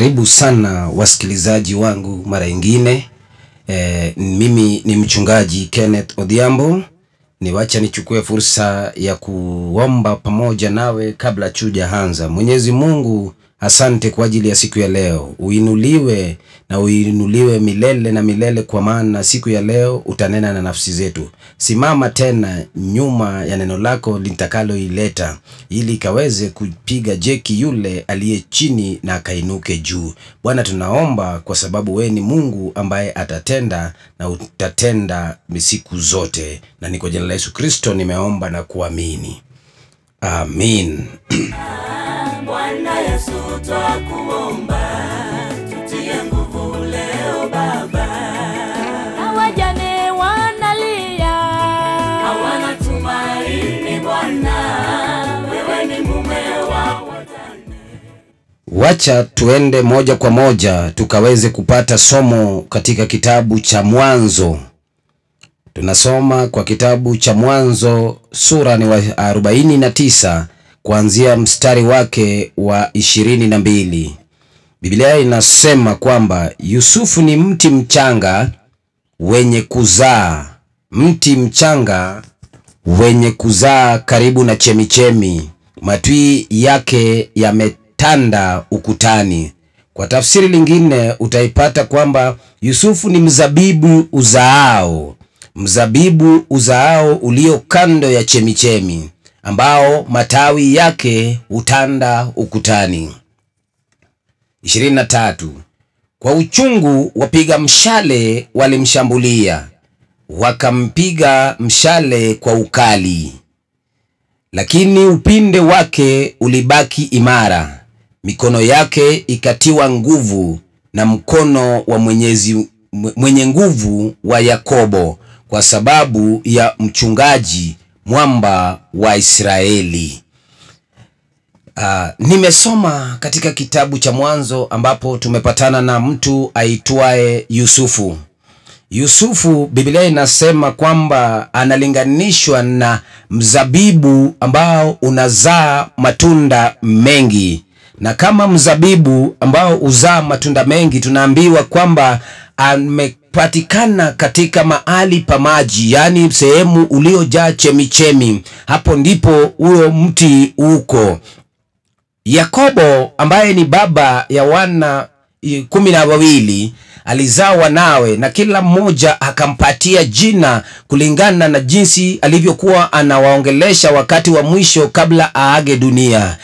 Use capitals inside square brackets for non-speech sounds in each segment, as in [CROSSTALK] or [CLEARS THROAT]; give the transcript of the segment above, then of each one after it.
Karibu sana wasikilizaji wangu mara nyingine. E, mimi ni mchungaji Kenneth Odhiambo. Niwacha nichukue fursa ya kuomba pamoja nawe kabla chuja hanza. Mwenyezi Mungu Asante kwa ajili ya siku ya leo, uinuliwe na uinuliwe milele na milele, kwa maana siku ya leo utanena na nafsi zetu. Simama tena nyuma ya neno lako litakaloileta, ili ikaweze kupiga jeki yule aliye chini na akainuke juu. Bwana, tunaomba kwa sababu wewe ni Mungu ambaye atatenda na utatenda siku zote, na ni kwa jina la Yesu Kristo nimeomba na kuamini, amin. [CLEARS THROAT] Bwana Yesu twakuomba, tutie nguvu leo Baba. Hawajane wanalia, hawana tumaini Bwana, wewe ni mume wa wajane. Wacha tuende moja kwa moja tukaweze kupata somo katika kitabu cha Mwanzo. Tunasoma kwa kitabu cha Mwanzo sura ni wa 49 kuanzia mstari wake wa ishirini na mbili. Biblia inasema kwamba Yusufu ni mti mchanga wenye kuzaa, mti mchanga wenye kuzaa karibu na chemichemi, matwi yake yametanda ukutani. Kwa tafsiri lingine utaipata kwamba Yusufu ni mzabibu uzaao, mzabibu uzaao ulio kando ya chemichemi ambao matawi yake hutanda ukutani. 23. Kwa uchungu wapiga mshale walimshambulia, wakampiga mshale kwa ukali, lakini upinde wake ulibaki imara, mikono yake ikatiwa nguvu na mkono wa Mwenyezi, mwenye nguvu wa Yakobo, kwa sababu ya mchungaji mwamba wa Israeli. Uh, nimesoma katika kitabu cha Mwanzo ambapo tumepatana na mtu aitwaye Yusufu. Yusufu, Biblia inasema kwamba analinganishwa na mzabibu ambao unazaa matunda mengi, na kama mzabibu ambao uzaa matunda mengi, tunaambiwa kwamba ame patikana katika mahali pa maji, yani sehemu uliojaa chemichemi. Hapo ndipo huyo mti uko. Yakobo ambaye ni baba ya wana kumi na wawili alizaa wanawe na kila mmoja akampatia jina kulingana na jinsi alivyokuwa anawaongelesha wakati wa mwisho kabla aage dunia.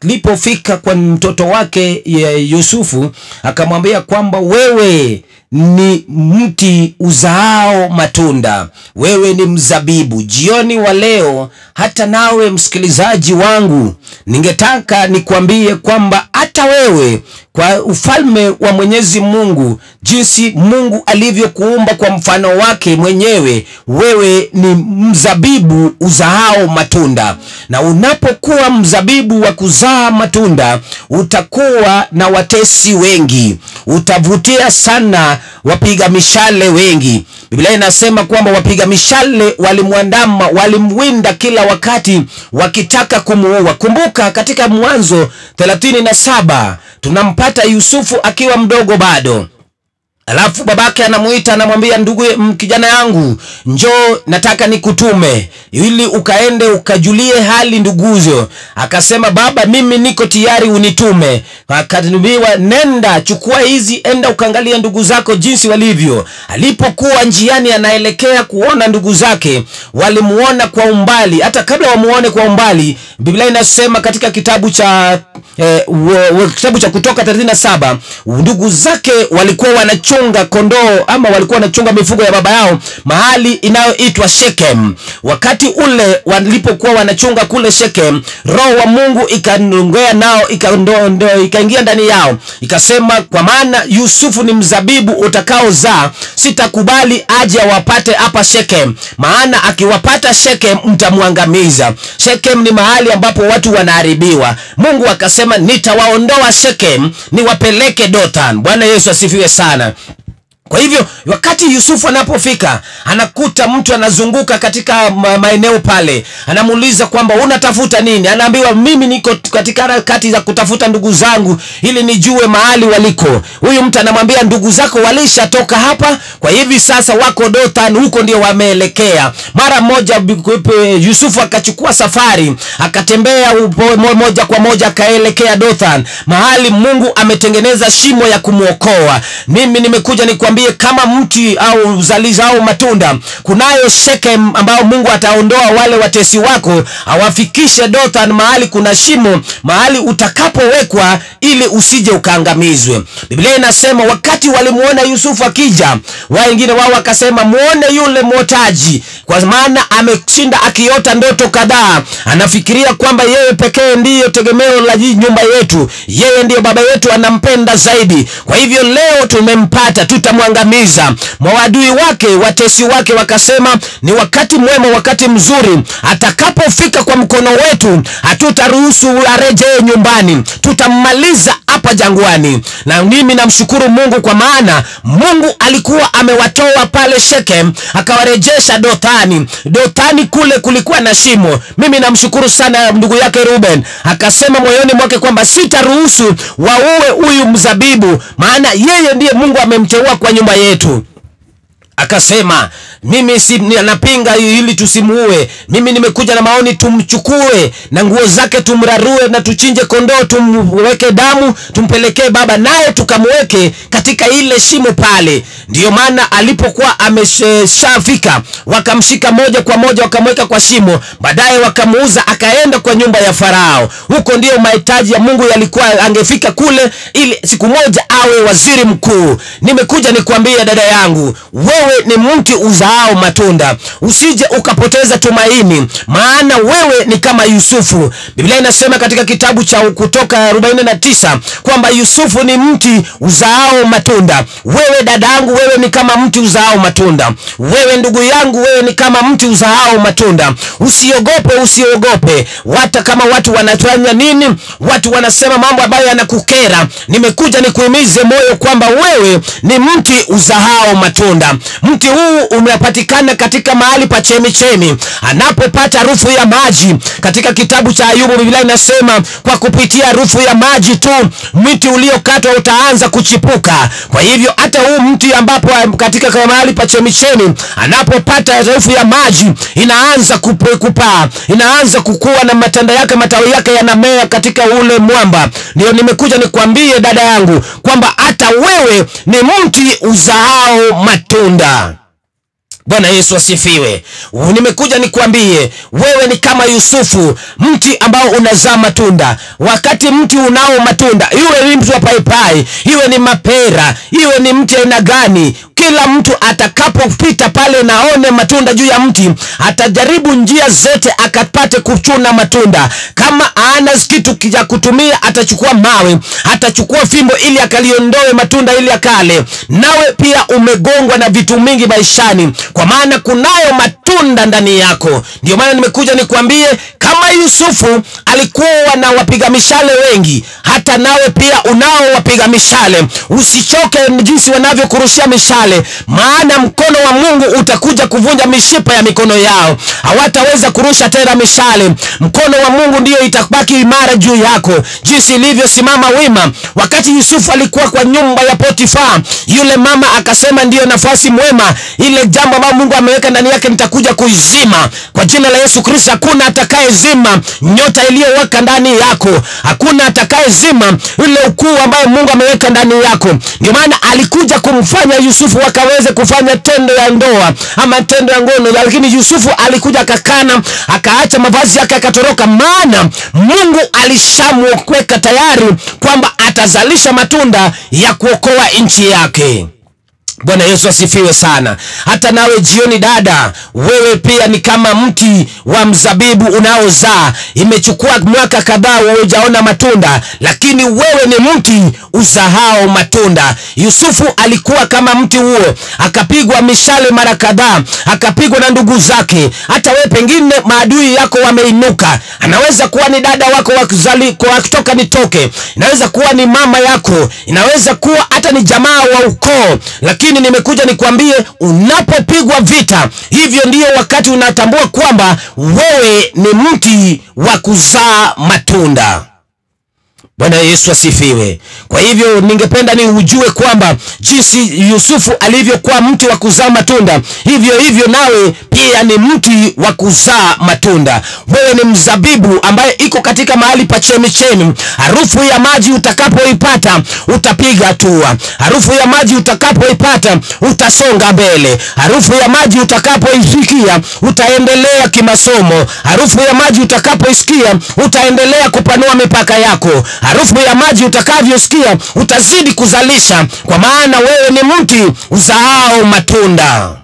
Alipofika kwa mtoto wake Yusufu, akamwambia kwamba wewe ni mti uzaao matunda, wewe ni mzabibu. Jioni wa leo, hata nawe msikilizaji wangu, ningetaka nikwambie kwamba hata wewe kwa ufalme wa Mwenyezi Mungu, jinsi Mungu alivyokuumba kwa mfano wake mwenyewe. Wewe ni mzabibu uzaao matunda, na unapokuwa mzabibu wa kuzaa matunda, utakuwa na watesi wengi, utavutia sana wapiga mishale wengi. Biblia inasema kwamba wapiga mishale walimwandama, walimwinda kila wakati wakitaka kumuua. Kumbuka katika Mwanzo 37 tunampata Yusufu akiwa mdogo bado, Alafu babake anamuita anamwambia, ndugu mm, kijana yangu, njoo, nataka nikutume ili ukaende ukajulie hali nduguzo. Akasema, baba, mimi niko tayari unitume. Akatumiwa, nenda chukua hizi, enda ukaangalia ndugu zako jinsi walivyo. Alipokuwa njiani anaelekea kuona ndugu zake, walimuona kwa umbali. Hata kabla wamuone kwa umbali, Biblia inasema katika kitabu cha eh, kitabu cha Kutoka 37 ndugu zake walikuwa wanacho wanachunga kondoo ama walikuwa wanachunga mifugo ya baba yao mahali inayoitwa Shekem. Wakati ule walipokuwa wanachunga kule Shekem, roho wa Mungu ikanongea nao, ikaondoa ikaingia ndani yao, ikasema, kwa maana Yusufu ni mzabibu utakaozaa, sitakubali aje awapate hapa Shekem, maana akiwapata Shekem mtamwangamiza. Shekem ni mahali ambapo watu wanaharibiwa. Mungu akasema, nitawaondoa Shekem niwapeleke Dothan. Bwana Yesu asifiwe sana. Kwa hivyo wakati Yusufu anapofika anakuta mtu anazunguka katika maeneo pale, anamuuliza kwamba unatafuta nini? Anaambiwa mimi niko katika harakati za kutafuta ndugu zangu ili nijue mahali waliko. Huyu mtu anamwambia ndugu zako walishatoka hapa, kwa hivi sasa wako Dothan, huko ndio wameelekea. Mara moja Yusufu akachukua safari, akatembea moja kwa moja, akaelekea Dothan, mahali Mungu ametengeneza shimo ya kumwokoa. Mimi nimekuja ni kwa nikwambie, kama mti au uzalizi au matunda, kunayo Shekem ambao Mungu ataondoa wale watesi wako, awafikishe Dothan, mahali kuna shimo, mahali utakapowekwa ili usije ukaangamizwe. Biblia inasema wakati walimuona Yusufu akija, wao wengine wao wakasema muone yule mwotaji, kwa maana ameshinda akiota ndoto kadhaa, anafikiria kwamba yeye pekee ndiyo tegemeo la nyumba yetu, yeye ndiyo baba yetu, anampenda zaidi. Kwa hivyo leo tumempata, tutamwa kumwangamiza. Mawadui wake, watesi wake wakasema, ni wakati mwema, wakati mzuri, atakapofika kwa mkono wetu hatutaruhusu arejee nyumbani, tutammaliza hapa jangwani. Na mimi namshukuru Mungu kwa maana Mungu alikuwa amewatoa pale Shekem akawarejesha Dothani. Dothani kule kulikuwa na shimo. Mimi namshukuru sana ndugu yake Ruben, akasema moyoni mwake kwamba sitaruhusu waue huyu mzabibu, maana yeye ndiye Mungu amemteua kwa nyumba yetu, akasema mimi si napinga ili tusimuue. Mimi nimekuja na maoni, tumchukue na nguo zake tumrarue na tuchinje kondoo, tumweke damu, tumpelekee baba, naye tukamweke katika ile shimo pale. Ndio maana alipokuwa ameshafika, wakamshika moja kwa moja, wakamweka kwa shimo, baadaye wakamuuza, akaenda kwa nyumba ya Farao. Huko ndio mahitaji ya Mungu yalikuwa, angefika kule ili siku moja awe waziri mkuu. Nimekuja nikwambie dada yangu, wewe ni mtu uza uzao matunda, usije ukapoteza tumaini, maana wewe ni kama Yusufu. Biblia inasema katika kitabu cha Kutoka 49 kwamba Yusufu ni mti uzao matunda. Wewe dadangu, wewe ni kama mti uzao matunda. Wewe ndugu yangu, wewe ni kama mti uzao matunda. Usiogope, usiogope hata kama watu wanatanya nini, watu wanasema mambo ambayo yanakukera. Nimekuja nikuhimize moyo kwamba wewe ni mti uzao matunda. Mti huu una yanapatikana katika mahali pa chemichemi, anapopata harufu ya maji. Katika kitabu cha Ayubu Biblia inasema kwa kupitia harufu ya maji tu mti uliokatwa utaanza kuchipuka. Kwa hivyo hata huu mti ambapo eh, katika mahali pa chemichemi anapopata harufu ya maji inaanza kupaa, inaanza kukua na matanda yake, matawi yake yanamea katika ule mwamba. Ndio nimekuja nikwambie dada yangu kwamba hata wewe ni mti uzaao matunda. Bwana Yesu asifiwe. Nimekuja nikwambie wewe ni kama Yusufu, mti ambao unazaa matunda. Wakati mti unao matunda, iwe ni mti wa paipai, iwe ni mapera, iwe ni mti aina gani, kila mtu atakapopita pale naone matunda juu ya mti, atajaribu njia zote akapate kuchuna matunda. Kama ana kitu cha kutumia, atachukua mawe, atachukua fimbo ili akaliondoe matunda ili akale. Nawe pia umegongwa na vitu mingi maishani kwa maana kunayo matunda ndani yako. Ndio maana nimekuja nikuambie, kama Yusufu alikuwa na wapiga mishale wengi, hata nawe pia unao wapiga mishale. Usichoke jinsi wanavyokurushia mishale, maana mkono wa Mungu utakuja kuvunja mishipa ya mikono yao. Hawataweza kurusha tena mishale. Mkono wa Mungu ndiyo itabaki imara juu yako, jinsi ilivyosimama wima wakati Yusufu alikuwa kwa nyumba ya Potifa. Yule mama akasema, ndiyo nafasi mwema ile jambo ambayo Mungu ameweka ndani yake nitakuja kuizima kwa jina la Yesu Kristo. Hakuna atakayezima nyota iliyowaka ndani yako, hakuna atakayezima ile ukuu ambayo Mungu ameweka ndani yako. Ndio maana alikuja kumfanya Yusufu wakaweze kufanya tendo ya ndoa ama tendo ya ngono, lakini Yusufu alikuja akakana, akaacha mavazi yake akatoroka, maana Mungu alishamweka tayari kwamba atazalisha matunda ya kuokoa nchi yake. Bwana Yesu asifiwe sana. Hata nawe jioni, dada, wewe pia ni kama mti wa mzabibu unaozaa. Imechukua mwaka kadhaa wewe hujaona matunda, lakini wewe ni mti uzahao matunda. Yusufu alikuwa kama mti huo, akapigwa mishale mara kadhaa, akapigwa na ndugu zake. Hata wewe pengine maadui yako wameinuka, anaweza kuwa ni dada wako wakitoka nitoke, inaweza kuwa ni mama yako, inaweza kuwa hata ni jamaa wa ukoo, lakini lakini nimekuja nikwambie, unapopigwa vita hivyo, ndiyo wakati unatambua kwamba wewe ni mti wa kuzaa matunda. Bwana Yesu asifiwe. Kwa hivyo ningependa ni ujue kwamba jinsi Yusufu alivyokuwa mti wa kuzaa matunda, hivyo hivyo nawe pia ni mti wa kuzaa matunda. Wewe ni mzabibu ambaye iko katika mahali pa chemichemi. Harufu ya maji utakapoipata utapiga hatua, harufu ya maji utakapoipata utasonga mbele, harufu ya maji utakapoisikia utaendelea kimasomo, harufu ya maji utakapoisikia utaendelea kupanua mipaka yako harufu ya maji utakavyosikia utazidi kuzalisha, kwa maana wewe ni mti uzaao matunda.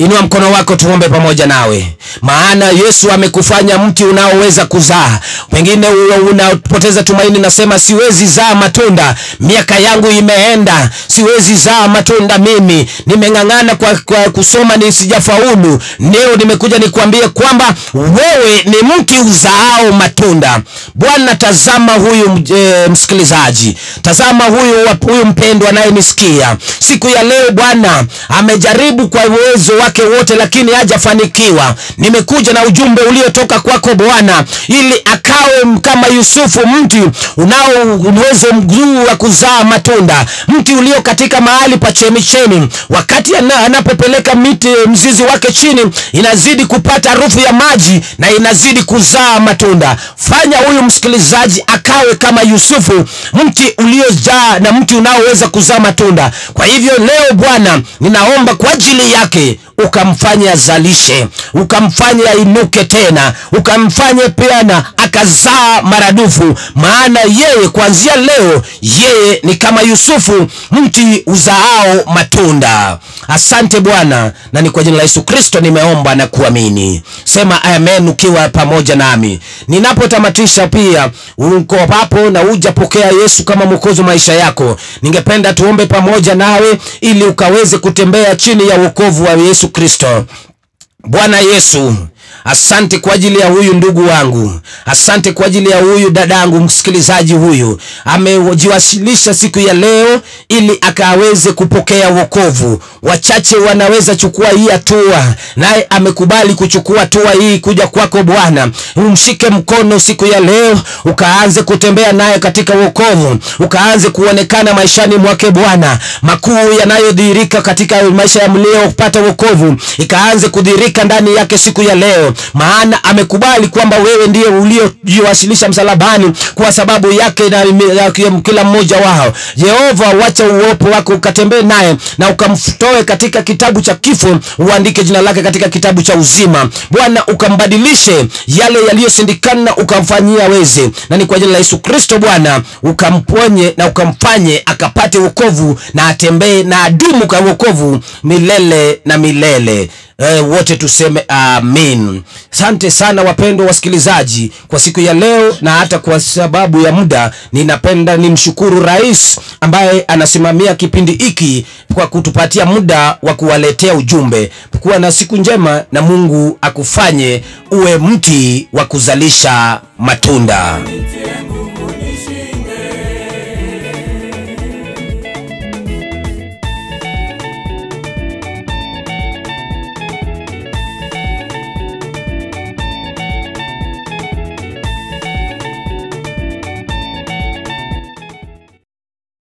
Inua mkono wako tuombe pamoja nawe, maana Yesu amekufanya mti unaoweza kuzaa. Pengine unapoteza tumaini, nasema siwezi zaa matunda, miaka yangu imeenda, siwezi zaa matunda. Mimi nimeng'ang'ana kwa, kwa kusoma ni sijafaulu. Leo nimekuja nikuambie kwamba wewe ni mti uzaao matunda. Bwana, tazama huyu e, msikilizaji, tazama huyu, huyu mpendwa anayenisikia siku ya leo. Bwana amejaribu kwa uwezo wa wake wote, lakini hajafanikiwa. Nimekuja na ujumbe uliotoka kwako Bwana, ili akawe kama Yusufu, mti unao uwezo mzuri wa kuzaa matunda, mti ulio katika mahali pa chemichemi. Wakati anapopeleka miti mzizi wake chini, inazidi kupata harufu ya maji na inazidi kuzaa matunda. Fanya huyu msikilizaji akawe kama Yusufu, mti uliojaa na mti unaoweza kuzaa matunda. Kwa hivyo leo Bwana, ninaomba kwa ajili yake ukamfanya azalishe, ukamfanye ainuke tena, ukamfanye peana akazaa maradufu. Maana yeye kuanzia leo yeye ni kama Yusufu, mti uzaao matunda. Asante Bwana, na ni kwa jina la Yesu Kristo nimeomba na kuamini. Sema amen ukiwa pamoja nami. Ninapotamatisha pia, uko hapo na ujapokea Yesu kama mwokozi wa maisha yako, ningependa tuombe pamoja nawe ili ukaweze kutembea chini ya wokovu wa Yesu Kristo. Bwana Yesu Asante kwa ajili ya huyu ndugu wangu, asante kwa ajili ya huyu dadangu msikilizaji. Huyu amejiwasilisha siku ya leo ili akaweze kupokea wokovu. Wachache wanaweza chukua hii hatua, naye amekubali kuchukua hatua hii kuja kwako Bwana. Umshike mkono siku ya leo, ukaanze kutembea naye katika wokovu, ukaanze kuonekana maishani mwake Bwana, makuu yanayodhihirika katika maisha ya mliopata wokovu, ikaanze kudhihirika ndani yake siku ya leo leo, maana amekubali kwamba wewe ndiye uliojiwasilisha msalabani kwa sababu yake na kila mmoja wao. Yehova, wacha uopo wako ukatembee naye na ukamtoe katika kitabu cha kifo, uandike jina lake katika kitabu cha uzima. Bwana, ukambadilishe yale yaliyosindikana, ukamfanyia weze, na ni kwa jina la Yesu Kristo Bwana, ukamponye na ukamfanye akapate wokovu na atembee na adumu kwa wokovu milele na milele. Eh, wote tuseme amin sante sana wapendwa wasikilizaji kwa siku ya leo, na hata kwa sababu ya muda, ninapenda nimshukuru rais ambaye anasimamia kipindi hiki kwa kutupatia muda wa kuwaletea ujumbe. Kuwa na siku njema, na Mungu akufanye uwe mti wa kuzalisha matunda.